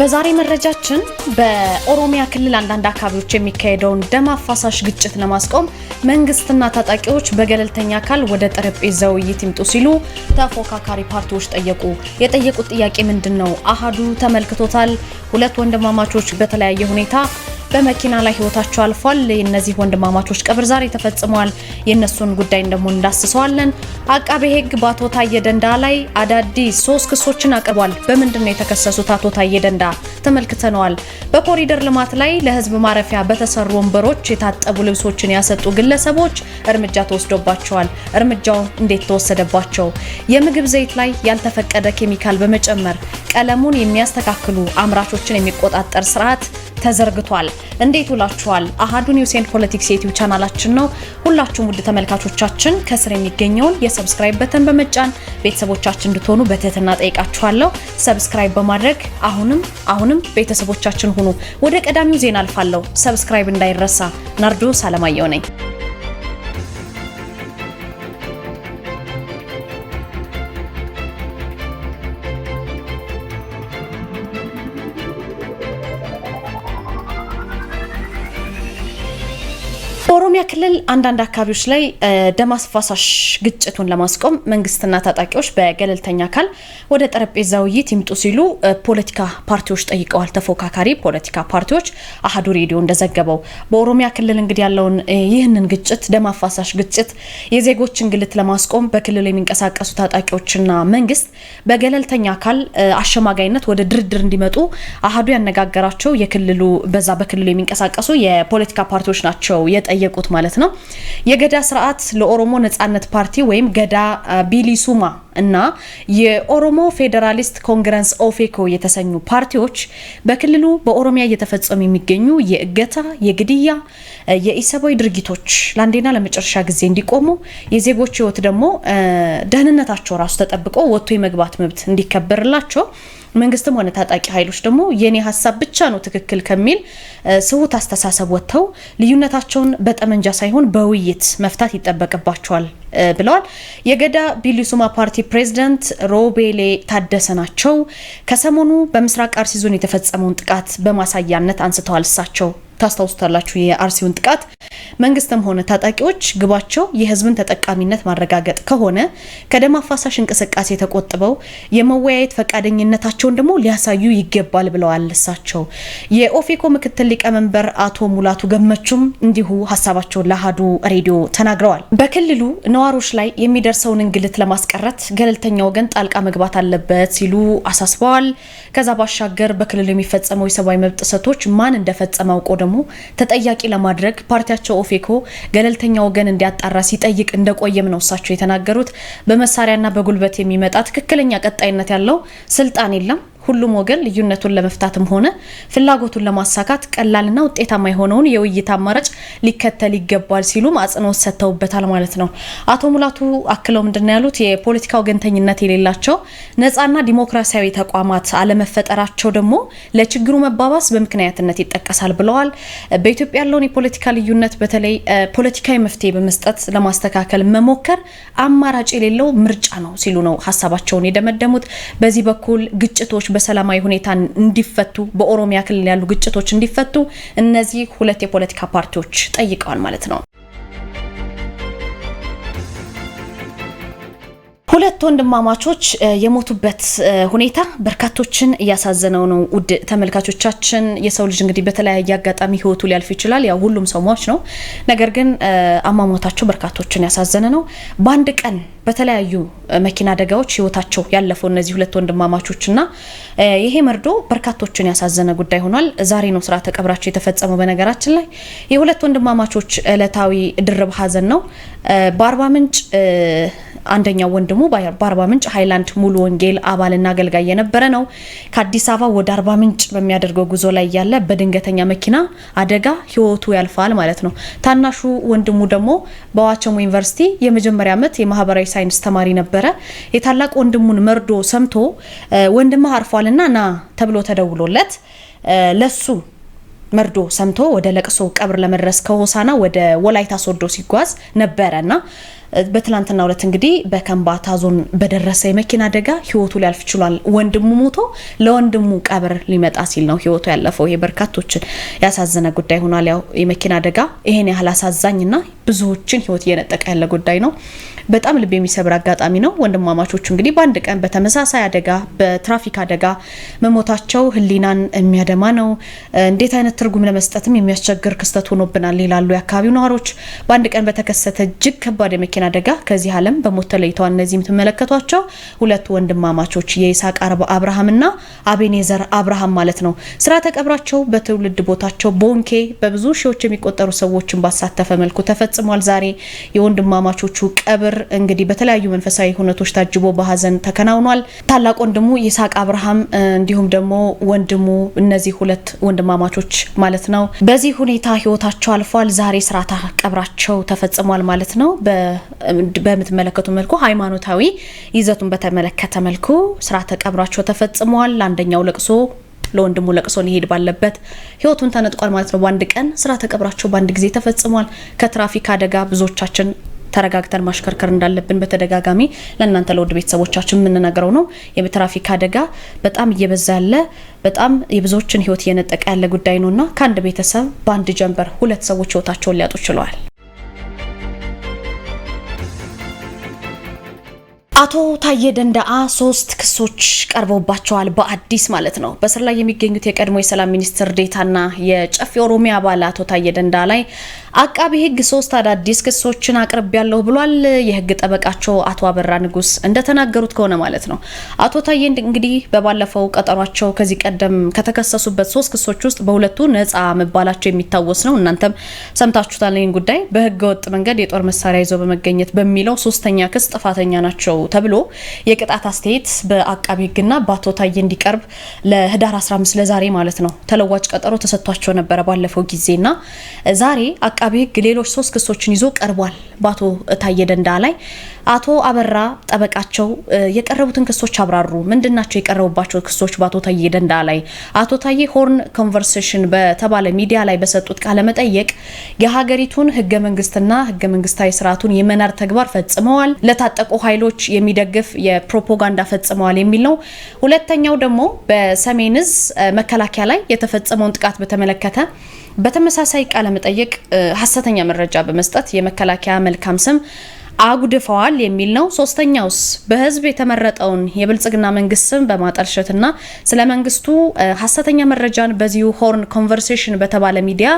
በዛሬ መረጃችን በኦሮሚያ ክልል አንዳንድ አካባቢዎች የሚካሄደውን ደም አፋሳሽ ግጭት ለማስቆም መንግስትና ታጣቂዎች በገለልተኛ አካል ወደ ጠረጴዛ ውይይት ይምጡ ሲሉ ተፎካካሪ ፓርቲዎች ጠየቁ። የጠየቁት ጥያቄ ምንድን ነው? አሃዱ ተመልክቶታል። ሁለት ወንድማማቾች በተለያየ ሁኔታ በመኪና ላይ ህይወታቸው አልፏል። የእነዚህ ወንድማማቾች ቀብር ዛሬ ተፈጽመዋል። የእነሱን ጉዳይ ደግሞ እንዳስሰዋለን። አቃቤ ህግ በአቶ ታዬ ደንዳ ላይ አዳዲስ ሶስት ክሶችን አቅርቧል። በምንድን ነው የተከሰሱት? አቶ ታዬ ደንዳ ተመልክተነዋል። በኮሪደር ልማት ላይ ለህዝብ ማረፊያ በተሰሩ ወንበሮች የታጠቡ ልብሶችን ያሰጡ ግለሰቦች እርምጃ ተወስዶባቸዋል። እርምጃው እንዴት ተወሰደባቸው? የምግብ ዘይት ላይ ያልተፈቀደ ኬሚካል በመጨመር ቀለሙን የሚያስተካክሉ አምራቾችን የሚቆጣጠር ስርዓት ተዘርግቷል። እንዴት ውላችኋል? አሀዱ ኒውስ ኤንድ ፖለቲክስ የዩቲዩብ ቻናላችን ነው። ሁላችሁም ውድ ተመልካቾቻችን ከስር የሚገኘውን የሰብስክራይብ በተን በመጫን ቤተሰቦቻችን እንድትሆኑ በትህትና ጠይቃችኋለሁ። ሰብስክራይብ በማድረግ አሁንም አሁንም ቤተሰቦቻችን ሁኑ። ወደ ቀዳሚው ዜና አልፋለሁ። ሰብስክራይብ እንዳይረሳ። ናርዶስ አለማየሁ ነኝ። አንዳንድ አካባቢዎች ላይ ደም አፋሳሽ ግጭቱን ለማስቆም መንግስትና ታጣቂዎች በገለልተኛ አካል ወደ ጠረጴዛ ውይይት ይምጡ ሲሉ ፖለቲካ ፓርቲዎች ጠይቀዋል። ተፎካካሪ ፖለቲካ ፓርቲዎች አህዱ ሬዲዮ እንደዘገበው በኦሮሚያ ክልል እንግዲህ ያለውን ይህንን ግጭት ደም አፋሳሽ ግጭት የዜጎችን ግልት ለማስቆም በክልሉ የሚንቀሳቀሱ ታጣቂዎችና መንግስት በገለልተኛ አካል አሸማጋይነት ወደ ድርድር እንዲመጡ አህዱ ያነጋገራቸው የክልሉ በዛ በክልሉ የሚንቀሳቀሱ የፖለቲካ ፓርቲዎች ናቸው የጠየቁት ማለት ነው። የገዳ ስርዓት ለኦሮሞ ነጻነት ፓርቲ ወይም ገዳ ቢሊሱማ እና የኦሮሞ ፌዴራሊስት ኮንግረስ ኦፌኮ የተሰኙ ፓርቲዎች በክልሉ በኦሮሚያ እየተፈጸሙ የሚገኙ የእገታ፣ የግድያ፣ የኢሰባዊ ድርጊቶች ለአንዴና ለመጨረሻ ጊዜ እንዲቆሙ የዜጎች ህይወት ደግሞ ደህንነታቸው ራሱ ተጠብቆ ወጥቶ የመግባት መብት እንዲከበርላቸው መንግስትም ሆነ ታጣቂ ኃይሎች ደግሞ የኔ ሀሳብ ብቻ ነው ትክክል ከሚል ስሁት አስተሳሰብ ወጥተው ልዩነታቸውን በጠመንጃ ሳይሆን በውይይት መፍታት ይጠበቅባቸዋል ብለዋል። የገዳ ቢሊሱማ ፓርቲ ፕሬዝዳንት ሮቤሌ ታደሰ ናቸው። ከሰሞኑ በምስራቅ አርሲ ዞን የተፈጸመውን ጥቃት በማሳያነት አንስተዋል እሳቸው ታስታውስታላችሁ የአርሲውን ጥቃት። መንግስትም ሆነ ታጣቂዎች ግባቸው የህዝብን ተጠቃሚነት ማረጋገጥ ከሆነ ከደም አፋሳሽ እንቅስቃሴ ተቆጥበው የመወያየት ፈቃደኝነታቸውን ደግሞ ሊያሳዩ ይገባል ብለዋል። እሳቸው የኦፌኮ ምክትል ሊቀመንበር አቶ ሙላቱ ገመቹም እንዲሁ ሀሳባቸውን ለአሀዱ ሬዲዮ ተናግረዋል። በክልሉ ነዋሪዎች ላይ የሚደርሰውን እንግልት ለማስቀረት ገለልተኛ ወገን ጣልቃ መግባት አለበት ሲሉ አሳስበዋል። ከዛ ባሻገር በክልሉ የሚፈጸመው የሰብአዊ መብት ጥሰቶች ማን እንደፈጸመ አውቆ ደግሞ ደግሞ ተጠያቂ ለማድረግ ፓርቲያቸው ኦፌኮ ገለልተኛ ወገን እንዲያጣራ ሲጠይቅ እንደቆየም ነው እሳቸው የተናገሩት። በመሳሪያና በጉልበት የሚመጣ ትክክለኛ ቀጣይነት ያለው ስልጣን የለም ሁሉም ወገን ልዩነቱን ለመፍታትም ሆነ ፍላጎቱን ለማሳካት ቀላልና ውጤታማ የሆነውን የውይይት አማራጭ ሊከተል ይገባል ሲሉም አጽንኦት ሰጥተውበታል ማለት ነው። አቶ ሙላቱ አክለው ምንድነው ያሉት? የፖለቲካ ወገንተኝነት የሌላቸው ነጻና ዲሞክራሲያዊ ተቋማት አለመፈጠራቸው ደግሞ ለችግሩ መባባስ በምክንያትነት ይጠቀሳል ብለዋል። በኢትዮጵያ ያለውን የፖለቲካ ልዩነት በተለይ ፖለቲካዊ መፍትሄ በመስጠት ለማስተካከል መሞከር አማራጭ የሌለው ምርጫ ነው ሲሉ ነው ሀሳባቸውን የደመደሙት። በዚህ በኩል ግጭቶች በሰላማዊ ሁኔታ እንዲፈቱ፣ በኦሮሚያ ክልል ያሉ ግጭቶች እንዲፈቱ እነዚህ ሁለት የፖለቲካ ፓርቲዎች ጠይቀዋል ማለት ነው። ሁለት ወንድማማቾች የሞቱበት ሁኔታ በርካቶችን እያሳዘነው ነው። ውድ ተመልካቾቻችን የሰው ልጅ እንግዲህ በተለያየ አጋጣሚ ህይወቱ ሊያልፍ ይችላል። ያው ሁሉም ሰው ሟች ነው። ነገር ግን አሟሟታቸው በርካቶችን ያሳዘነ ነው። በአንድ ቀን በተለያዩ መኪና አደጋዎች ህይወታቸው ያለፈው እነዚህ ሁለት ወንድማማቾችና ይሄ መርዶ በርካቶችን ያሳዘነ ጉዳይ ሆኗል። ዛሬ ነው ስርዓተ ቀብራቸው የተፈጸመው። በነገራችን ላይ የሁለት ወንድማማቾች ዕለታዊ ድርብ ሀዘን ነው። በአርባ ምንጭ አንደኛው ወንድሙ ደግሞ በአርባ ምንጭ ሃይላንድ ሙሉ ወንጌል አባልና አገልጋይ የነበረ ነው። ከአዲስ አበባ ወደ አርባ ምንጭ በሚያደርገው ጉዞ ላይ ያለ በድንገተኛ መኪና አደጋ ህይወቱ ያልፋል ማለት ነው። ታናሹ ወንድሙ ደግሞ በዋቸሞ ዩኒቨርሲቲ የመጀመሪያ ዓመት የማህበራዊ ሳይንስ ተማሪ ነበረ። የታላቅ ወንድሙን መርዶ ሰምቶ ወንድምህ አርፏልና ና ተብሎ ተደውሎለት ለሱ መርዶ ሰምቶ ወደ ለቅሶ ቀብር ለመድረስ ከሆሳና ወደ ወላይታ ሶዶ ሲጓዝ ነበረና በትላንትና ሁለት እንግዲህ በከምባታ ዞን በደረሰ የመኪና አደጋ ህይወቱ ሊያልፍ ችሏል። ወንድሙ ሞቶ ለወንድሙ ቀብር ሊመጣ ሲል ነው ህይወቱ ያለፈው። ይሄ በርካቶችን ያሳዘነ ጉዳይ ሆኗል። ያው የመኪና አደጋ ይሄን ያህል አሳዛኝና ብዙዎችን ህይወት እየነጠቀ ያለ ጉዳይ ነው። በጣም ልብ የሚሰብር አጋጣሚ ነው። ወንድማማቾቹ እንግዲህ በአንድ ቀን በተመሳሳይ አደጋ በትራፊክ አደጋ መሞታቸው ህሊናን የሚያደማ ነው። እንዴት አይነት ትርጉም ለመስጠትም የሚያስቸግር ክስተት ሆኖብናል ይላሉ የአካባቢው ነዋሪዎች። በአንድ ቀን በተከሰተ እጅግ ከባድ የመኪና የመኪና አደጋ ከዚህ ዓለም በሞት ተለይተዋል። እነዚህ የምትመለከቷቸው ሁለቱ ወንድማማቾች የይስሐቅ አብርሃምና አቤኔዘር አብርሃም ማለት ነው። ስርዓተ ቀብራቸው በትውልድ ቦታቸው ቦንኬ በብዙ ሺዎች የሚቆጠሩ ሰዎችን ባሳተፈ መልኩ ተፈጽሟል። ዛሬ የወንድማማቾቹ ቀብር እንግዲህ በተለያዩ መንፈሳዊ ሁነቶች ታጅቦ በሀዘን ተከናውኗል። ታላቅ ወንድሙ ይስሐቅ አብርሃም እንዲሁም ደግሞ ወንድሙ እነዚህ ሁለት ወንድማማቾች ማለት ነው። በዚህ ሁኔታ ህይወታቸው አልፏል። ዛሬ ስርዓተ ቀብራቸው ተፈጽሟል ማለት ነው። በምትመለከቱ መልኩ ሃይማኖታዊ ይዘቱን በተመለከተ መልኩ ስርዓተ ቀብራቸው ተፈጽሟል። አንደኛው ለቅሶ ለወንድሙ ለቅሶ ሊሄድ ባለበት ህይወቱን ተነጥቋል ማለት ነው። በአንድ ቀን ስርዓተ ቀብራቸው በአንድ ጊዜ ተፈጽሟል። ከትራፊክ አደጋ ብዙዎቻችን ተረጋግተን ማሽከርከር እንዳለብን በተደጋጋሚ ለእናንተ ለውድ ቤተሰቦቻችን የምንነግረው ነው። የትራፊክ አደጋ በጣም እየበዛ ያለ በጣም የብዙዎችን ህይወት እየነጠቀ ያለ ጉዳይ ነው እና ከአንድ ቤተሰብ በአንድ ጀንበር ሁለት ሰዎች ህይወታቸውን ሊያጡ ችለዋል። አቶ ታዬ ደንዳአ ሶስት ክሶች ቀርበውባቸዋል። በአዲስ ማለት ነው። በስር ላይ የሚገኙት የቀድሞ የሰላም ሚኒስትር ዴታና የጨፌ ኦሮሚያ አባል አቶ ታዬ ደንዳአ ላይ አቃቢ ሕግ ሶስት አዳዲስ ክሶችን አቅርብ ያለው ብሏል። የሕግ ጠበቃቸው አቶ አበራ ንጉስ እንደተናገሩት ከሆነ ማለት ነው አቶ ታዬ እንግዲህ በባለፈው ቀጠሯቸው ከዚህ ቀደም ከተከሰሱበት ሶስት ክሶች ውስጥ በሁለቱ ነፃ መባላቸው የሚታወስ ነው። እናንተም ሰምታችሁታል ይህን ጉዳይ። በህገወጥ ወጥ መንገድ የጦር መሳሪያ ይዘው በመገኘት በሚለው ሶስተኛ ክስ ጥፋተኛ ናቸው ተብሎ የቅጣት አስተያየት በአቃቢ ህግና በአቶ ታዬ እንዲቀርብ ለህዳር 15 ለዛሬ ማለት ነው ተለዋጭ ቀጠሮ ተሰጥቷቸው ነበረ ባለፈው ጊዜና ዛሬ አቃቢ ህግ ሌሎች ሶስት ክሶችን ይዞ ቀርቧል በአቶ ታዬ ደንዳ ላይ አቶ አበራ ጠበቃቸው የቀረቡትን ክሶች አብራሩ። ምንድናቸው የቀረቡባቸው ክሶች በአቶ ታዬ ደንዳ ላይ? አቶ ታዬ ሆርን ኮንቨርሴሽን በተባለ ሚዲያ ላይ በሰጡት ቃለ መጠየቅ የሀገሪቱን ህገ መንግስትና ህገ መንግስታዊ ስርዓቱን የመናድ ተግባር ፈጽመዋል፣ ለታጠቁ ኃይሎች የሚደግፍ የፕሮፓጋንዳ ፈጽመዋል የሚል ነው። ሁለተኛው ደግሞ በሰሜን እዝ መከላከያ ላይ የተፈጸመውን ጥቃት በተመለከተ በተመሳሳይ ቃለ መጠየቅ ሀሰተኛ መረጃ በመስጠት የመከላከያ መልካም ስም አጉድፈዋል የሚል ነው። ሶስተኛውስ በህዝብ የተመረጠውን የብልጽግና መንግስት ስም በማጠልሸትና ስለ መንግስቱ ሀሰተኛ መረጃን በዚሁ ሆርን ኮንቨርሴሽን በተባለ ሚዲያ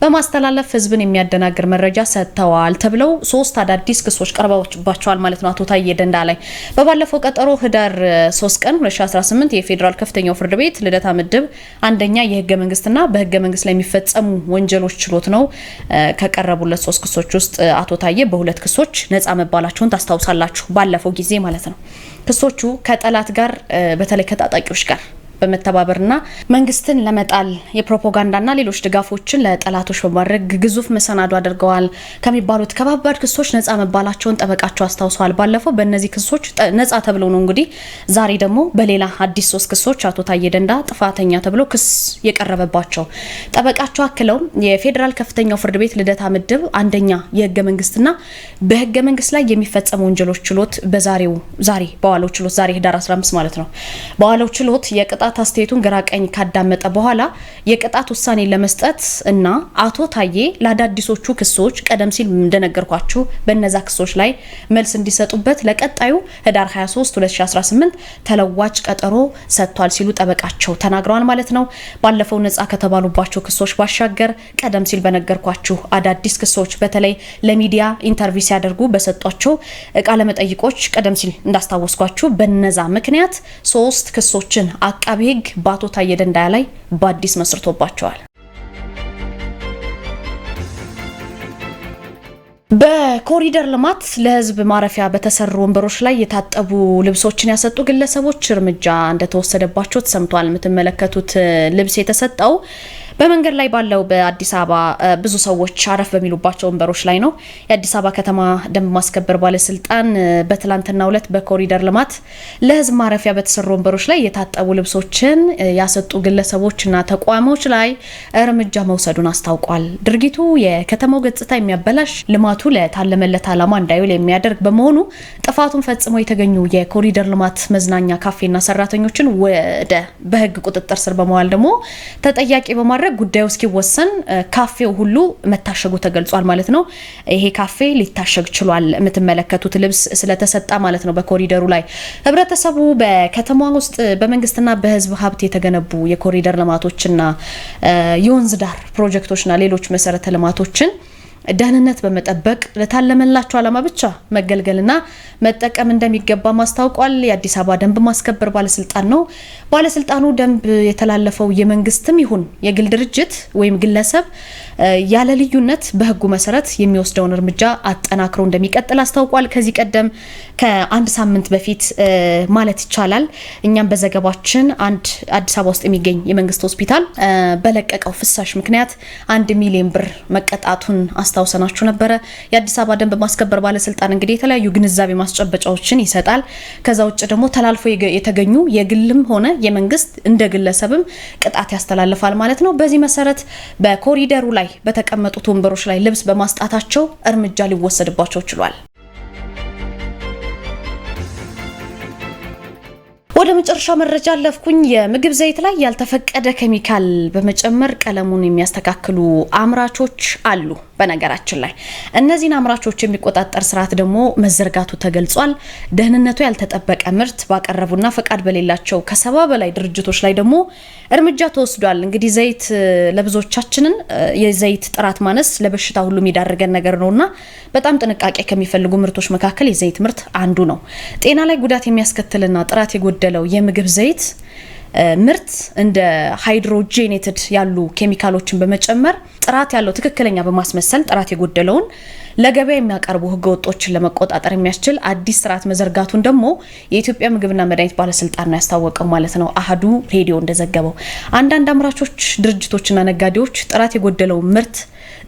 በማስተላለፍ ህዝብን የሚያደናግር መረጃ ሰጥተዋል ተብለው ሶስት አዳዲስ ክሶች ቀርበውባቸዋል ማለት ነው። አቶ ታዬ ደንዳ ላይ በባለፈው ቀጠሮ ህዳር 3 ቀን 2018 የፌዴራል ከፍተኛው ፍርድ ቤት ልደታ ምድብ አንደኛ የህገ መንግስትና በህገ መንግስት ላይ የሚፈጸሙ ወንጀሎች ችሎት ነው ከቀረቡለት ሶስት ክሶች ውስጥ አቶ ታዬ በሁለት ክሶች ነጻ መባላቸውን ታስታውሳላችሁ፣ ባለፈው ጊዜ ማለት ነው። ክሶቹ ከጠላት ጋር በተለይ ከታጣቂዎች ጋር በመተባበርና መንግስትን ለመጣል የፕሮፓጋንዳና ሌሎች ድጋፎችን ለጠላቶች በማድረግ ግዙፍ መሰናዶ አድርገዋል ከሚባሉት ከባባድ ክሶች ነጻ መባላቸውን ጠበቃቸው አስታውሰዋል። ባለፈው በእነዚህ ክሶች ነጻ ተብሎ ነው እንግዲህ ዛሬ ደግሞ በሌላ አዲስ ሶስት ክሶች አቶ ታዬ ደንዳ ጥፋተኛ ተብሎ ክስ የቀረበባቸው ጠበቃቸው አክለው የፌዴራል ከፍተኛው ፍርድ ቤት ልደታ ምድብ አንደኛ የህገ መንግስትና በህገ መንግስት ላይ የሚፈጸሙ ወንጀሎች ችሎት በዛሬው ዛሬ በዋለው ችሎት ዛሬ ህዳር 15 ማለት ነው በዋለው ችሎት የቅጣ የቅጣት አስተያየቱን ግራ ቀኝ ካዳመጠ በኋላ የቅጣት ውሳኔ ለመስጠት እና አቶ ታዬ ለአዳዲሶቹ ክሶች ቀደም ሲል እንደነገርኳችሁ በነዛ ክሶች ላይ መልስ እንዲሰጡበት ለቀጣዩ ህዳር 23 2018 ተለዋጭ ቀጠሮ ሰጥቷል ሲሉ ጠበቃቸው ተናግረዋል ማለት ነው። ባለፈው ነጻ ከተባሉባቸው ክሶች ባሻገር ቀደም ሲል በነገርኳችሁ አዳዲስ ክሶች በተለይ ለሚዲያ ኢንተርቪ ሲያደርጉ በሰጧቸው ቃለመጠይቆች ቀደም ሲል እንዳስታወስኳችሁ በነዛ ምክንያት ሶስት ክሶችን አቃ አቃቢ ህግ በአቶ ታዬ ደንደዓ ላይ በአዲስ መስርቶባቸዋል። በኮሪደር ልማት ለህዝብ ማረፊያ በተሰሩ ወንበሮች ላይ የታጠቡ ልብሶችን ያሰጡ ግለሰቦች እርምጃ እንደተወሰደባቸው ተሰምቷል። የምትመለከቱት ልብስ የተሰጠው በመንገድ ላይ ባለው በአዲስ አበባ ብዙ ሰዎች አረፍ በሚሉባቸው ወንበሮች ላይ ነው። የአዲስ አበባ ከተማ ደንብ ማስከበር ባለስልጣን በትላንትናው ዕለት በኮሪደር ልማት ለህዝብ ማረፊያ በተሰሩ ወንበሮች ላይ የታጠቡ ልብሶችን ያሰጡ ግለሰቦችና ተቋሞች ላይ እርምጃ መውሰዱን አስታውቋል። ድርጊቱ የከተማው ገጽታ የሚያበላሽ ልማቱ ለታለመለት ዓላማ እንዳይውል የሚያደርግ በመሆኑ ጥፋቱን ፈጽመው የተገኙ የኮሪደር ልማት መዝናኛ ካፌና ሰራተኞችን ወደ በህግ ቁጥጥር ስር በመዋል ደግሞ ተጠያቂ በማድረግ በማድረግ ጉዳዩ እስኪወሰን ካፌው ሁሉ መታሸጉ ተገልጿል ማለት ነው። ይሄ ካፌ ሊታሸግ ችሏል። የምትመለከቱት ልብስ ስለተሰጣ ማለት ነው። በኮሪደሩ ላይ ህብረተሰቡ በከተማ ውስጥ በመንግስትና በህዝብ ሀብት የተገነቡ የኮሪደር ልማቶችና የወንዝ ዳር ፕሮጀክቶችና ሌሎች መሰረተ ልማቶችን ደህንነት በመጠበቅ ለታለመላቸው ዓላማ ብቻ መገልገልና መጠቀም እንደሚገባ ማስታውቋል። የአዲስ አበባ ደንብ ማስከበር ባለስልጣን ነው። ባለስልጣኑ ደንብ የተላለፈው የመንግስትም ይሁን የግል ድርጅት ወይም ግለሰብ ያለ ልዩነት በህጉ መሰረት የሚወስደውን እርምጃ አጠናክሮ እንደሚቀጥል አስታውቋል። ከዚህ ቀደም ከአንድ ሳምንት በፊት ማለት ይቻላል እኛም በዘገባችን አንድ አዲስ አበባ ውስጥ የሚገኝ የመንግስት ሆስፒታል በለቀቀው ፍሳሽ ምክንያት አንድ ሚሊዮን ብር መቀጣቱን አስታ አስታውሰናችሁ ነበረ። የአዲስ አበባ ደንብ ማስከበር ባለስልጣን እንግዲህ የተለያዩ ግንዛቤ ማስጨበጫዎችን ይሰጣል። ከዛ ውጭ ደግሞ ተላልፎ የተገኙ የግልም ሆነ የመንግስት እንደ ግለሰብም ቅጣት ያስተላልፋል ማለት ነው። በዚህ መሰረት በኮሪደሩ ላይ በተቀመጡት ወንበሮች ላይ ልብስ በማስጣታቸው እርምጃ ሊወሰድባቸው ችሏል። ወደ መጨረሻ መረጃ አለፍኩኝ። የምግብ ዘይት ላይ ያልተፈቀደ ኬሚካል በመጨመር ቀለሙን የሚያስተካክሉ አምራቾች አሉ። በነገራችን ላይ እነዚህን አምራቾች የሚቆጣጠር ስርዓት ደግሞ መዘርጋቱ ተገልጿል። ደህንነቱ ያልተጠበቀ ምርት ባቀረቡና ፈቃድ በሌላቸው ከሰባ በላይ ድርጅቶች ላይ ደግሞ እርምጃ ተወስዷል። እንግዲህ ዘይት ለብዙዎቻችንን የዘይት ጥራት ማነስ ለበሽታ ሁሉ የሚዳርገን ነገር ነውና በጣም ጥንቃቄ ከሚፈልጉ ምርቶች መካከል የዘይት ምርት አንዱ ነው። ጤና ላይ ጉዳት የሚያስከትልና ጥራት የጎደለው የምግብ ዘይት ምርት እንደ ሃይድሮጄኔትድ ያሉ ኬሚካሎችን በመጨመር ጥራት ያለው ትክክለኛ በማስመሰል ጥራት የጎደለውን ለገበያ የሚያቀርቡ ህገወጦችን ለመቆጣጠር የሚያስችል አዲስ ስርዓት መዘርጋቱን ደግሞ የኢትዮጵያ ምግብና መድኃኒት ባለስልጣን ነው ያስታወቀው ማለት ነው። አህዱ ሬዲዮ እንደዘገበው አንዳንድ አምራቾች ድርጅቶችና ነጋዴዎች ጥራት የጎደለው ምርት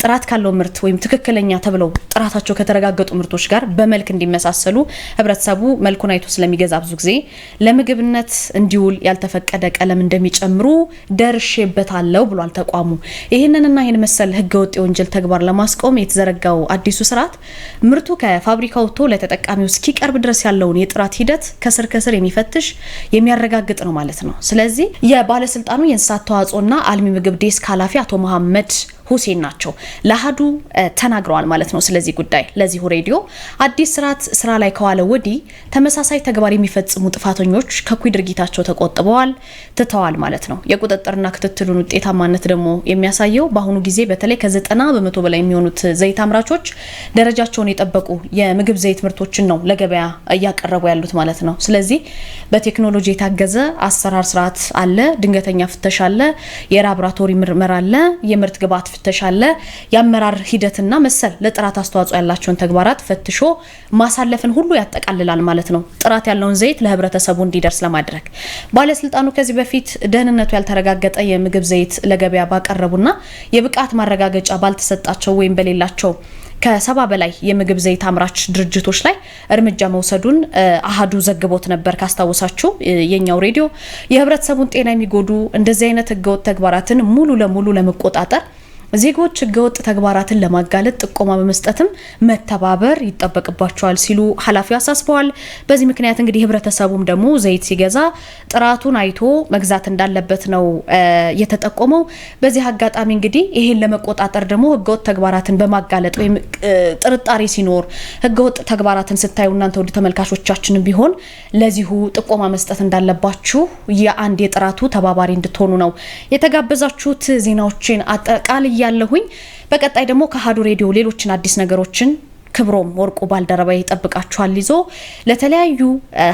ጥራት ካለው ምርት ወይም ትክክለኛ ተብለው ጥራታቸው ከተረጋገጡ ምርቶች ጋር በመልክ እንዲመሳሰሉ ህብረተሰቡ መልኩን አይቶ ስለሚገዛ ብዙ ጊዜ ለምግብነት እንዲውል ያልተፈቀደ ቀለም እንደሚጨምሩ ደርሼበታለሁ ብሏል ተቋሙ። ይህንንና ይህን መሰል ህገወጥ የወንጀል ተግባር ለማስቆም የተዘረጋው አዲሱ ስርዓት ምርቱ ከፋብሪካ ወጥቶ ለተጠቃሚው እስኪቀርብ ድረስ ያለውን የጥራት ሂደት ከስር ከስር የሚፈትሽ የሚያረጋግጥ ነው ማለት ነው። ስለዚህ የባለስልጣኑ የእንስሳት ተዋጽኦና አልሚ ምግብ ዴስክ ኃላፊ አቶ መሐመድ ሁሴን ናቸው ለአሀዱ ተናግረዋል ማለት ነው። ስለዚህ ጉዳይ ለዚሁ ሬዲዮ አዲስ ስርዓት ስራ ላይ ከዋለ ወዲህ ተመሳሳይ ተግባር የሚፈጽሙ ጥፋተኞች ከኩይ ድርጊታቸው ተቆጥበዋል፣ ትተዋል ማለት ነው። የቁጥጥርና ክትትሉን ውጤታማነት ደግሞ የሚያሳየው በአሁኑ ጊዜ በተለይ ከዘጠና በመቶ በላይ የሚሆኑት ዘይት አምራቾች ደረጃቸውን የጠበቁ የምግብ ዘይት ምርቶችን ነው ለገበያ እያቀረቡ ያሉት ማለት ነው። ስለዚህ በቴክኖሎጂ የታገዘ አሰራር ስርዓት አለ፣ ድንገተኛ ፍተሻ አለ፣ የላብራቶሪ ምርመራ አለ፣ የምርት ግብዓት ተሻለ የአመራር ሂደትና መሰል ለጥራት አስተዋጽኦ ያላቸውን ተግባራት ፈትሾ ማሳለፍን ሁሉ ያጠቃልላል ማለት ነው። ጥራት ያለውን ዘይት ለህብረተሰቡ እንዲደርስ ለማድረግ ባለስልጣኑ ከዚህ በፊት ደህንነቱ ያልተረጋገጠ የምግብ ዘይት ለገበያ ባቀረቡና የብቃት ማረጋገጫ ባልተሰጣቸው ወይም በሌላቸው ከሰባ በላይ የምግብ ዘይት አምራች ድርጅቶች ላይ እርምጃ መውሰዱን አሃዱ ዘግቦት ነበር። ካስታወሳችሁ የኛው ሬዲዮ የህብረተሰቡን ጤና የሚጎዱ እንደዚህ አይነት ህገወጥ ተግባራትን ሙሉ ለሙሉ ለመቆጣጠር ዜጎች ህገወጥ ተግባራትን ለማጋለጥ ጥቆማ በመስጠትም መተባበር ይጠበቅባቸዋል ሲሉ ኃላፊው አሳስበዋል። በዚህ ምክንያት እንግዲህ ህብረተሰቡም ደግሞ ዘይት ሲገዛ ጥራቱን አይቶ መግዛት እንዳለበት ነው የተጠቆመው። በዚህ አጋጣሚ እንግዲህ ይህን ለመቆጣጠር ደግሞ ህገወጥ ተግባራትን በማጋለጥ ወይም ጥርጣሬ ሲኖር ህገወጥ ተግባራትን ስታዩ እናንተ ወደ ተመልካቾቻችንም ቢሆን ለዚሁ ጥቆማ መስጠት እንዳለባችሁ የአንድ የጥራቱ ተባባሪ እንድትሆኑ ነው የተጋበዛችሁት። ዜናዎችን አጠቃላይ ያለሁኝ በቀጣይ ደግሞ ከአሀዱ ሬዲዮ ሌሎችን አዲስ ነገሮችን ክብሮም ወርቁ ባልደረባ ይጠብቃችኋል። ይዞ ለተለያዩ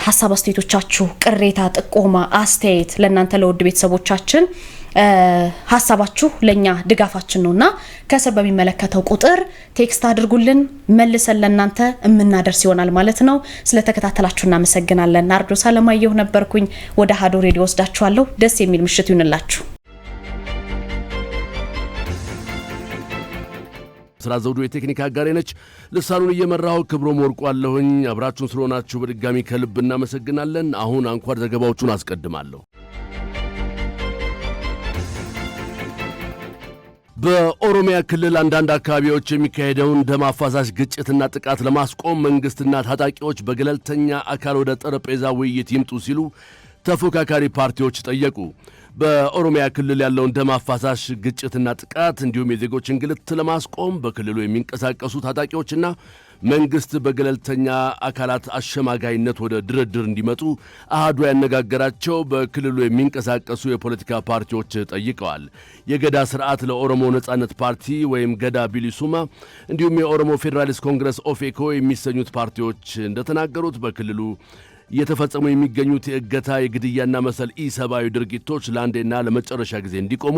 ሀሳብ አስተያየቶቻችሁ፣ ቅሬታ፣ ጥቆማ፣ አስተያየት ለእናንተ ለውድ ቤተሰቦቻችን ሀሳባችሁ ለእኛ ድጋፋችን ነውና ከስር በሚመለከተው ቁጥር ቴክስት አድርጉልን መልሰን ለእናንተ የምናደርስ ይሆናል ማለት ነው። ስለተከታተላችሁ እናመሰግናለን። ናርዶስ አለማየሁ ነበርኩኝ። ወደ አሀዱ ሬዲዮ ወስዳችኋለሁ። ደስ የሚል ምሽት ይሁንላችሁ። ስራ ዘውዱ የቴክኒክ አጋሬ ነች። ልሳኑን እየመራው ክብሮም ወርቋለሁኝ። አብራችሁን ስለሆናችሁ በድጋሚ ከልብ እናመሰግናለን። አሁን አንኳር ዘገባዎቹን አስቀድማለሁ። በኦሮሚያ ክልል አንዳንድ አካባቢዎች የሚካሄደውን ደም አፋሳሽ ግጭትና ጥቃት ለማስቆም መንግሥትና ታጣቂዎች በገለልተኛ አካል ወደ ጠረጴዛ ውይይት ይምጡ ሲሉ ተፎካካሪ ፓርቲዎች ጠየቁ። በኦሮሚያ ክልል ያለውን ደም አፋሳሽ ግጭትና ጥቃት እንዲሁም የዜጎች እንግልት ለማስቆም በክልሉ የሚንቀሳቀሱ ታጣቂዎችና መንግስት በገለልተኛ አካላት አሸማጋይነት ወደ ድርድር እንዲመጡ አህዱ ያነጋገራቸው በክልሉ የሚንቀሳቀሱ የፖለቲካ ፓርቲዎች ጠይቀዋል። የገዳ ስርዓት ለኦሮሞ ነጻነት ፓርቲ ወይም ገዳ ቢሊሱማ እንዲሁም የኦሮሞ ፌዴራሊስት ኮንግረስ ኦፌኮ የሚሰኙት ፓርቲዎች እንደተናገሩት በክልሉ እየተፈጸሙ የሚገኙት የእገታ የግድያና መሰል ኢሰብአዊ ድርጊቶች ለአንዴና ለመጨረሻ ጊዜ እንዲቆሙ፣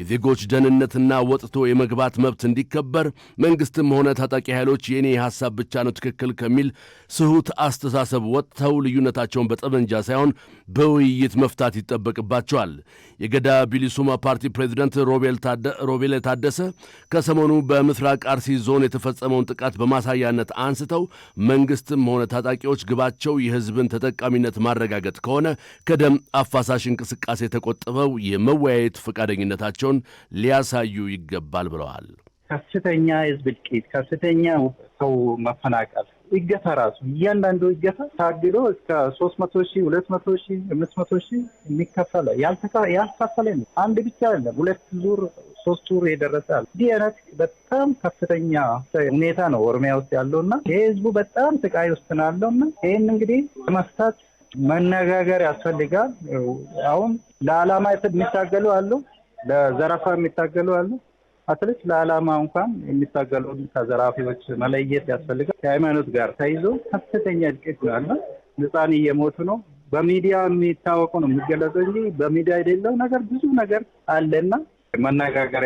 የዜጎች ደህንነትና ወጥቶ የመግባት መብት እንዲከበር፣ መንግስትም ሆነ ታጣቂ ኃይሎች የእኔ ሀሳብ ብቻ ነው ትክክል ከሚል ስሁት አስተሳሰብ ወጥተው ልዩነታቸውን በጠመንጃ ሳይሆን በውይይት መፍታት ይጠበቅባቸዋል። የገዳ ቢሊሱማ ፓርቲ ፕሬዚደንት ሮቤል ታደሰ ከሰሞኑ በምስራቅ አርሲ ዞን የተፈጸመውን ጥቃት በማሳያነት አንስተው መንግስትም ሆነ ታጣቂዎች ግባቸው የህዝብ የሕዝብን ተጠቃሚነት ማረጋገጥ ከሆነ ከደም አፋሳሽ እንቅስቃሴ ተቆጥበው የመወያየት ፈቃደኝነታቸውን ሊያሳዩ ይገባል ብለዋል። ከፍተኛ የሕዝብ እልቂት፣ ከፍተኛ ሰው መፈናቀል፣ እገታ ራሱ እያንዳንዱ እገታ ታግዶ እስከ ሶስት መቶ ሺህ ሁለት መቶ ሺህ አምስት መቶ ሺህ የሚከፈለ ያልተከፈለ ነው። አንድ ብቻ አይደለም ሁለት ዙር ሶስት ወር የደረሰ አለ። እንዲህ አይነት በጣም ከፍተኛ ሁኔታ ነው ኦሮሚያ ውስጥ ያለው የህዝቡ በጣም ስቃይ ውስጥ ነው ያለው ይህን እንግዲህ ለመፍታት መነጋገር ያስፈልጋል። አሁን ለዓላማ የሚታገሉ አሉ፣ ለዘረፋ የሚታገሉ አሉ። አትሊስት ለዓላማ እንኳን የሚታገሉን ከዘራፊዎች መለየት ያስፈልጋል። ከሃይማኖት ጋር ተይዞ ከፍተኛ እድቅት ነው ያለ። ህፃን እየሞቱ ነው። በሚዲያ የሚታወቁ ነው የሚገለጸው እንጂ በሚዲያ የሌለው ነገር ብዙ ነገር አለና መነጋገር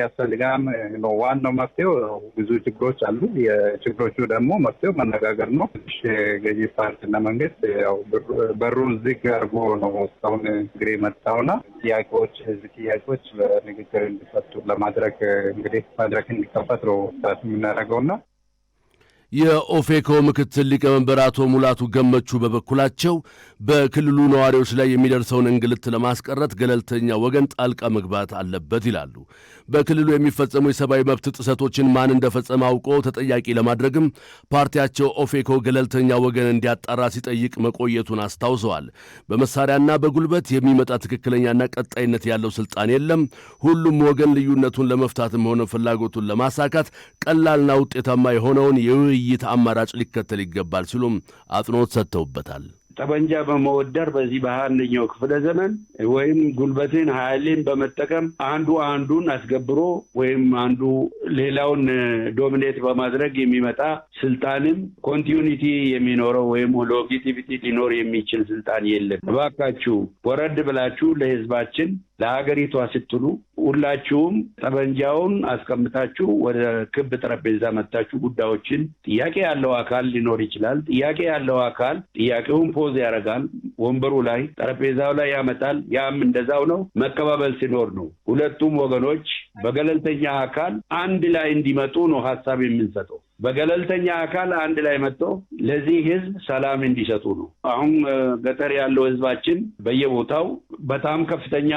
ነው ዋናው መፍትሄው ብዙ ችግሮች አሉ። የችግሮቹ ደግሞ መፍትሄው መነጋገር ነው። ትንሽ ገዢ ፓርቲና መንግስት በሩን ዝግ አድርጎ ነው እስካሁን እንግዲህ መጣውና ጥያቄዎች ህዝብ ጥያቄዎች በንግግር እንዲፈቱ ለማድረግ እንግዲህ መድረክ እንዲከፈት ነው ጥረት የምናደርገውና የኦፌኮ ምክትል ሊቀመንበር አቶ ሙላቱ ገመቹ በበኩላቸው በክልሉ ነዋሪዎች ላይ የሚደርሰውን እንግልት ለማስቀረት ገለልተኛ ወገን ጣልቃ መግባት አለበት ይላሉ። በክልሉ የሚፈጸሙ የሰብአዊ መብት ጥሰቶችን ማን እንደፈጸመ አውቆ ተጠያቂ ለማድረግም ፓርቲያቸው ኦፌኮ ገለልተኛ ወገን እንዲያጣራ ሲጠይቅ መቆየቱን አስታውሰዋል። በመሳሪያና በጉልበት የሚመጣ ትክክለኛና ቀጣይነት ያለው ስልጣን የለም። ሁሉም ወገን ልዩነቱን ለመፍታትም ሆነ ፍላጎቱን ለማሳካት ቀላልና ውጤታማ የሆነውን የውይይት አማራጭ ሊከተል ይገባል ሲሉም አጽንኦት ሰጥተውበታል። ጠመንጃ በመወደር በዚህ በሃያኛው ክፍለ ዘመን ወይም ጉልበትን ኃይልን በመጠቀም አንዱ አንዱን አስገብሮ ወይም አንዱ ሌላውን ዶሚኔት በማድረግ የሚመጣ ስልጣንም ኮንቲኒቲ የሚኖረው ወይም ሎንጌቲቪቲ ሊኖር የሚችል ስልጣን የለም። እባካችሁ ወረድ ብላችሁ ለህዝባችን ለሀገሪቷ ስትሉ ሁላችሁም ጠመንጃውን አስቀምጣችሁ ወደ ክብ ጠረጴዛ መታችሁ ጉዳዮችን ጥያቄ ያለው አካል ሊኖር ይችላል። ጥያቄ ያለው አካል ጥያቄውን ፖዝ ያደርጋል፣ ወንበሩ ላይ ጠረጴዛው ላይ ያመጣል። ያም እንደዛው ነው። መቀባበል ሲኖር ነው ሁለቱም ወገኖች በገለልተኛ አካል አንድ ላይ እንዲመጡ ነው ሀሳብ የምንሰጠው። በገለልተኛ አካል አንድ ላይ መጥቶ ለዚህ ህዝብ ሰላም እንዲሰጡ ነው። አሁን ገጠር ያለው ህዝባችን በየቦታው በጣም ከፍተኛ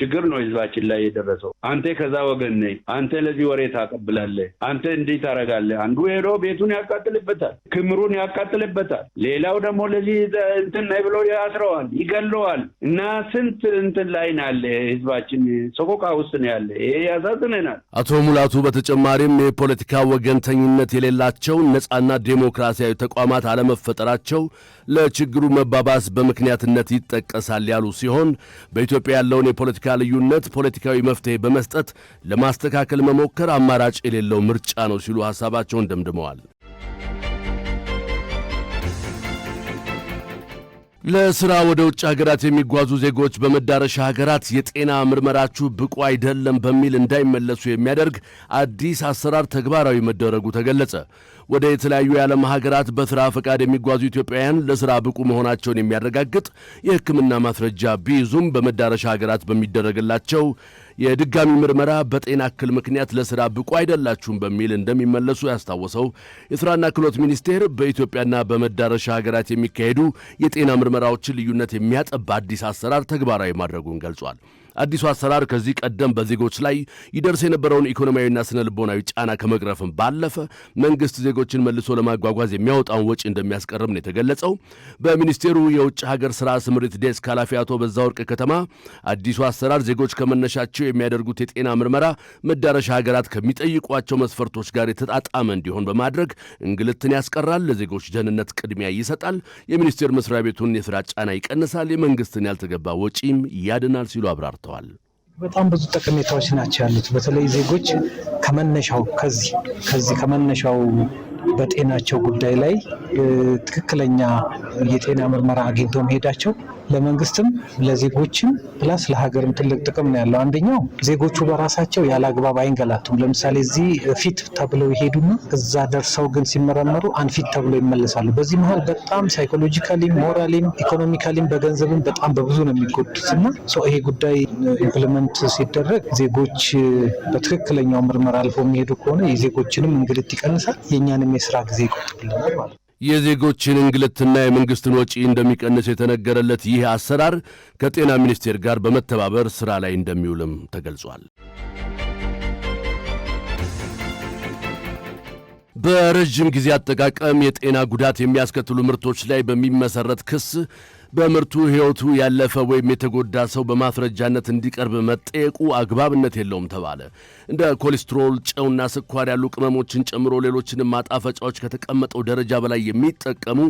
ችግር ነው ህዝባችን ላይ የደረሰው። አንተ ከዛ ወገን ነህ፣ አንተ ለዚህ ወሬ ታቀብላለህ፣ አንተ እንዲህ ታረጋለህ። አንዱ ሄዶ ቤቱን ያቃጥልበታል፣ ክምሩን ያቃጥልበታል። ሌላው ደግሞ ለዚህ እንትን ነህ ብሎ ያስረዋል፣ ይገለዋል። እና ስንት እንትን ላይ ነው ያለ ህዝባችን ሰቆቃ ውስጥ ነው ያለ። ይሄ ያሳዝነናል። አቶ ሙላቱ በተጨማሪም የፖለቲካ ወገንተኝነት የሌላቸው ነጻና ዴሞክራሲያዊ ተቋማት አለመፈጠራቸው ለችግሩ መባባስ በምክንያትነት ይጠቀሳል ያሉ ሲሆን በኢትዮጵያ ያለውን የፖለቲካ ልዩነት ፖለቲካዊ መፍትሄ በመስጠት ለማስተካከል መሞከር አማራጭ የሌለው ምርጫ ነው ሲሉ ሐሳባቸውን ደምድመዋል። ለስራ ወደ ውጭ ሀገራት የሚጓዙ ዜጎች በመዳረሻ ሀገራት የጤና ምርመራችሁ ብቁ አይደለም በሚል እንዳይመለሱ የሚያደርግ አዲስ አሰራር ተግባራዊ መደረጉ ተገለጸ። ወደ የተለያዩ የዓለም ሀገራት በስራ ፈቃድ የሚጓዙ ኢትዮጵያውያን ለስራ ብቁ መሆናቸውን የሚያረጋግጥ የሕክምና ማስረጃ ቢይዙም በመዳረሻ ሀገራት በሚደረግላቸው የድጋሚ ምርመራ በጤና እክል ምክንያት ለስራ ብቁ አይደላችሁም በሚል እንደሚመለሱ ያስታወሰው የስራና ክህሎት ሚኒስቴር በኢትዮጵያና በመዳረሻ ሀገራት የሚካሄዱ የጤና ምርመራዎችን ልዩነት የሚያጠባ አዲስ አሰራር ተግባራዊ ማድረጉን ገልጿል። አዲሱ አሰራር ከዚህ ቀደም በዜጎች ላይ ይደርስ የነበረውን ኢኮኖሚያዊና ስነ ልቦናዊ ጫና ከመቅረፍም ባለፈ መንግስት ዜጎችን መልሶ ለማጓጓዝ የሚያወጣውን ወጪ እንደሚያስቀርም ነው የተገለጸው። በሚኒስቴሩ የውጭ ሀገር ስራ ስምሪት ዴስክ ኃላፊ አቶ በዛወርቅ ከተማ አዲሱ አሰራር ዜጎች ከመነሻቸው የሚያደርጉት የጤና ምርመራ መዳረሻ ሀገራት ከሚጠይቋቸው መስፈርቶች ጋር የተጣጣመ እንዲሆን በማድረግ እንግልትን ያስቀራል፣ ለዜጎች ደህንነት ቅድሚያ ይሰጣል፣ የሚኒስቴር መስሪያ ቤቱን የስራ ጫና ይቀንሳል፣ የመንግስትን ያልተገባ ወጪም ያድናል ሲሉ አብራርተዋል። ሰጥተዋል። በጣም ብዙ ጠቀሜታዎች ናቸው ያሉት። በተለይ ዜጎች ከመነሻው ከዚህ ከዚህ ከመነሻው በጤናቸው ጉዳይ ላይ ትክክለኛ የጤና ምርመራ አግኝቶ መሄዳቸው ለመንግስትም ለዜጎችም ፕላስ ለሀገርም ትልቅ ጥቅም ነው ያለው። አንደኛው ዜጎቹ በራሳቸው ያለ አግባብ አይንገላቱም። ለምሳሌ እዚህ ፊት ተብለው ይሄዱና እዛ ደርሰው ግን ሲመረመሩ አንፊት ተብለው ይመለሳሉ። በዚህ መሀል በጣም ሳይኮሎጂካሊም፣ ሞራሊም፣ ኢኮኖሚካሊም በገንዘብም በጣም በብዙ ነው የሚጎዱት እና ይሄ ጉዳይ ኢምፕሊመንት ሲደረግ ዜጎች በትክክለኛው ምርመራ አልፎ የሚሄዱ ከሆነ የዜጎችንም እንግልት ይቀንሳል፣ የእኛንም የስራ ጊዜ ይቆጥብልናል ማለት ነው። የዜጎችን እንግልትና የመንግስትን ወጪ እንደሚቀንስ የተነገረለት ይህ አሰራር ከጤና ሚኒስቴር ጋር በመተባበር ስራ ላይ እንደሚውልም ተገልጿል። በረዥም ጊዜ አጠቃቀም የጤና ጉዳት የሚያስከትሉ ምርቶች ላይ በሚመሰረት ክስ በምርቱ ሕይወቱ ያለፈ ወይም የተጎዳ ሰው በማስረጃነት እንዲቀርብ መጠየቁ አግባብነት የለውም ተባለ። እንደ ኮሌስትሮል፣ ጨውና ስኳር ያሉ ቅመሞችን ጨምሮ ሌሎችንም ማጣፈጫዎች ከተቀመጠው ደረጃ በላይ የሚጠቀሙ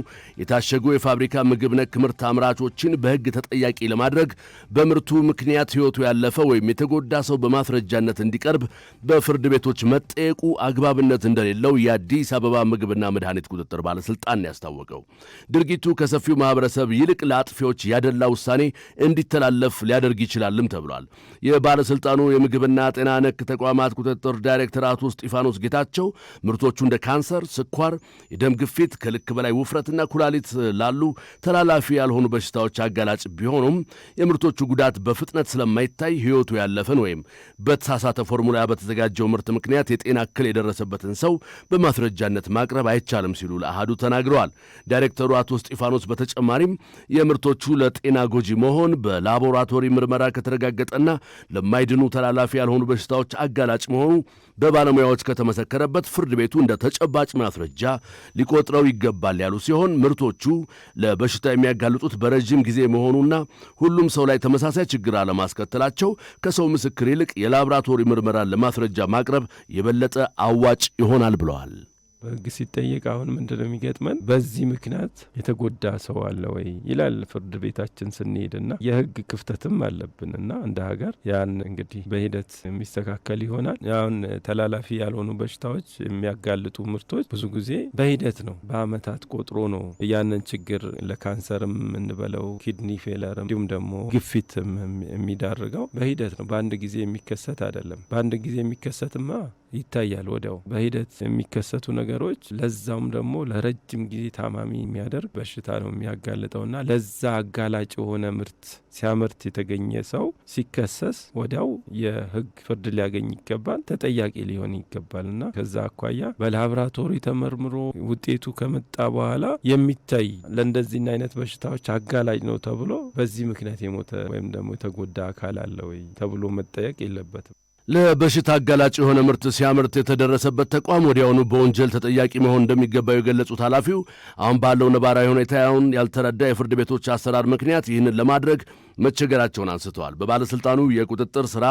የታሸጉ የፋብሪካ ምግብ ነክ ምርት አምራቾችን በሕግ ተጠያቂ ለማድረግ በምርቱ ምክንያት ሕይወቱ ያለፈ ወይም የተጎዳ ሰው በማስረጃነት እንዲቀርብ በፍርድ ቤቶች መጠየቁ አግባብነት እንደሌለው የአዲስ አበባ ምግብና መድኃኒት ቁጥጥር ባለስልጣን ያስታወቀው ድርጊቱ ከሰፊው ማህበረሰብ ይልቅ ለአጥፊዎች ያደላ ውሳኔ እንዲተላለፍ ሊያደርግ ይችላልም ተብሏል። የባለስልጣኑ የምግብና ጤና ነክ ተቋ ተቋማት ቁጥጥር ዳይሬክተር አቶ ስጢፋኖስ ጌታቸው ምርቶቹ እንደ ካንሰር፣ ስኳር፣ የደም ግፊት፣ ከልክ በላይ ውፍረትና ኩላሊት ላሉ ተላላፊ ያልሆኑ በሽታዎች አጋላጭ ቢሆኑም የምርቶቹ ጉዳት በፍጥነት ስለማይታይ ሕይወቱ ያለፈን ወይም በተሳሳተ ፎርሙላ በተዘጋጀው ምርት ምክንያት የጤና እክል የደረሰበትን ሰው በማስረጃነት ማቅረብ አይቻልም ሲሉ ለአሃዱ ተናግረዋል። ዳይሬክተሩ አቶ እስጢፋኖስ በተጨማሪም የምርቶቹ ለጤና ጎጂ መሆን በላቦራቶሪ ምርመራ ከተረጋገጠና ለማይድኑ ተላላፊ ያልሆኑ በሽታዎች አጋላጭ መሆኑ በባለሙያዎች ከተመሰከረበት ፍርድ ቤቱ እንደ ተጨባጭ ማስረጃ ሊቆጥረው ይገባል ያሉ ሲሆን ምርቶቹ ለበሽታ የሚያጋልጡት በረዥም ጊዜ መሆኑና ሁሉም ሰው ላይ ተመሳሳይ ችግር አለማስከተላቸው ከሰው ምስክር ይልቅ የላብራቶሪ ምርመራን ለማስረጃ ማቅረብ የበለጠ አዋጭ ይሆናል ብለዋል። በህግ ሲጠየቅ አሁን ምንድነው የሚገጥመን? በዚህ ምክንያት የተጎዳ ሰው አለ ወይ ይላል ፍርድ ቤታችን ስንሄድና የህግ ክፍተትም አለብን እና እንደ ሀገር ያን እንግዲህ በሂደት የሚስተካከል ይሆናል። አሁን ተላላፊ ያልሆኑ በሽታዎች የሚያጋልጡ ምርቶች ብዙ ጊዜ በሂደት ነው፣ በአመታት ቆጥሮ ነው ያንን ችግር ለካንሰርም የምንበለው ኪድኒ ፌለርም እንዲሁም ደግሞ ግፊትም የሚዳርገው በሂደት ነው። በአንድ ጊዜ የሚከሰት አይደለም። በአንድ ጊዜ የሚከሰትማ ይታያል ወዲያው በሂደት የሚከሰቱ ነገሮች። ለዛውም ደግሞ ለረጅም ጊዜ ታማሚ የሚያደርግ በሽታ ነው የሚያጋልጠውና ለዛ አጋላጭ የሆነ ምርት ሲያመርት የተገኘ ሰው ሲከሰስ ወዲያው የህግ ፍርድ ሊያገኝ ይገባል፣ ተጠያቂ ሊሆን ይገባልና ከዛ አኳያ በላብራቶሪ ተመርምሮ ውጤቱ ከመጣ በኋላ የሚታይ ለእንደዚህና አይነት በሽታዎች አጋላጭ ነው ተብሎ በዚህ ምክንያት የሞተ ወይም ደግሞ የተጎዳ አካል አለ ወይ ተብሎ መጠየቅ የለበትም። ለበሽታ አጋላጭ የሆነ ምርት ሲያመርት የተደረሰበት ተቋም ወዲያውኑ በወንጀል ተጠያቂ መሆን እንደሚገባው የገለጹት ኃላፊው አሁን ባለው ነባራዊ ሁኔታውን ያልተረዳ የፍርድ ቤቶች አሰራር ምክንያት ይህንን ለማድረግ መቸገራቸውን አንስተዋል። በባለስልጣኑ የቁጥጥር ስራ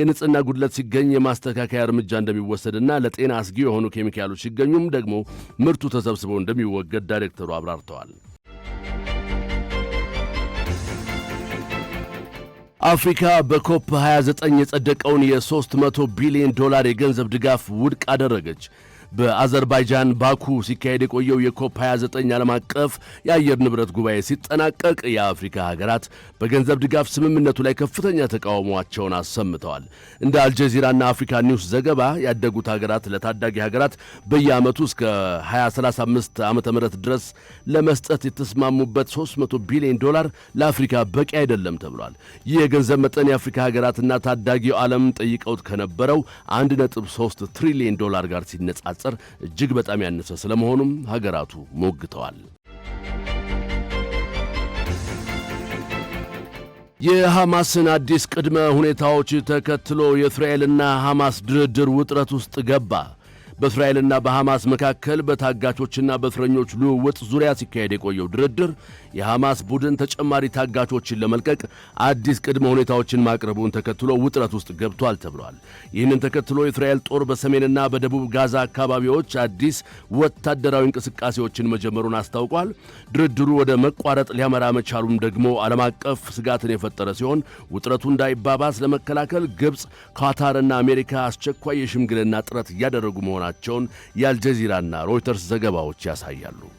የንጽህና ጉድለት ሲገኝ የማስተካከያ እርምጃ እንደሚወሰድና ለጤና አስጊ የሆኑ ኬሚካሎች ሲገኙም ደግሞ ምርቱ ተሰብስበው እንደሚወገድ ዳይሬክተሩ አብራርተዋል። አፍሪካ በኮፕ 29 የጸደቀውን የ300 ቢሊዮን ዶላር የገንዘብ ድጋፍ ውድቅ አደረገች። በአዘርባይጃን ባኩ ሲካሄድ የቆየው የኮፕ 29 ዓለም አቀፍ የአየር ንብረት ጉባኤ ሲጠናቀቅ የአፍሪካ ሀገራት በገንዘብ ድጋፍ ስምምነቱ ላይ ከፍተኛ ተቃውሟቸውን አሰምተዋል። እንደ አልጀዚራና አፍሪካ ኒውስ ዘገባ ያደጉት ሀገራት ለታዳጊ ሀገራት በየዓመቱ እስከ 2035 ዓ ም ድረስ ለመስጠት የተስማሙበት 300 ቢሊዮን ዶላር ለአፍሪካ በቂ አይደለም ተብሏል። ይህ የገንዘብ መጠን የአፍሪካ ሀገራትና ታዳጊው ዓለም ጠይቀውት ከነበረው 1.3 ትሪሊዮን ዶላር ጋር ሲነጻ ሲነጻጸር እጅግ በጣም ያነሰ ስለመሆኑም ሀገራቱ ሞግተዋል። የሐማስን አዲስ ቅድመ ሁኔታዎች ተከትሎ የእስራኤልና ሐማስ ድርድር ውጥረት ውስጥ ገባ። በእስራኤልና በሐማስ መካከል በታጋቾችና በእስረኞች ልውውጥ ዙሪያ ሲካሄድ የቆየው ድርድር የሐማስ ቡድን ተጨማሪ ታጋቾችን ለመልቀቅ አዲስ ቅድመ ሁኔታዎችን ማቅረቡን ተከትሎ ውጥረት ውስጥ ገብቷል ተብሏል። ይህንን ተከትሎ የእስራኤል ጦር በሰሜንና በደቡብ ጋዛ አካባቢዎች አዲስ ወታደራዊ እንቅስቃሴዎችን መጀመሩን አስታውቋል። ድርድሩ ወደ መቋረጥ ሊያመራ መቻሉም ደግሞ ዓለም አቀፍ ስጋትን የፈጠረ ሲሆን ውጥረቱ እንዳይባባስ ለመከላከል ግብፅ፣ ካታርና አሜሪካ አስቸኳይ የሽምግልና ጥረት እያደረጉ መሆናል መሆናቸውን የአልጀዚራና ሮይተርስ ዘገባዎች ያሳያሉ።